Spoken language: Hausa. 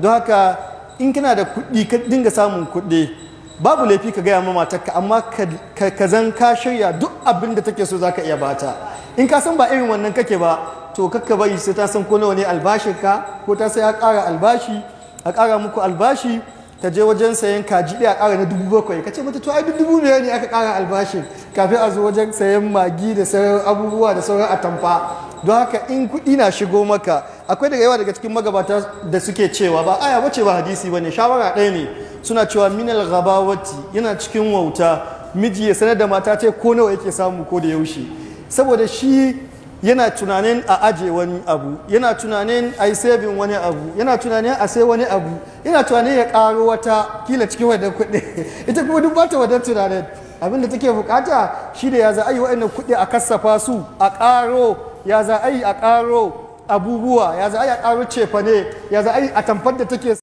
don haka in kana da kuɗi ka dinga samun kuɗi babu laifi ka gaya mamata ka, amma ka zan ka shirya duk abin da take so za ka iya bata in ka san ba irin wannan kake ba to kakka bari sai ta san ko nawa ne ka, ko ta sai ya ƙara albashi a ƙara muku albashi ta je wajen sayan kaji ɗaya ƙara na dubu bakwai ka ce mata to ai duk dubu biyar ne aka ƙara albashin kafin a zo wajen sayan magi da sauran abubuwa da sauran atamfa don haka in kuɗi na shigo maka akwai daga yawa daga cikin magabata da suke cewa ba aya wace ba hadisi ba ne shawara ɗaya ne suna cewa minal gabawati yana cikin wauta miji ya sanar da mata ce ko nawa yake samu ko da yaushe saboda shi yana tunanin a aje wani abu yana tunanin a yi sabin wani abu yana tunanin a sai wani abu yana tunanin ya karo wata kila cikin wadda kuɗi ita kuma duk bata wadda tunanin abin da take bukata shi da ya za a yi waɗannan kuɗi a kassafa su a ƙaro ya za a yi a ƙaro abubuwa ya za a yi a ƙaro cefane ya za a yi a tamfar da take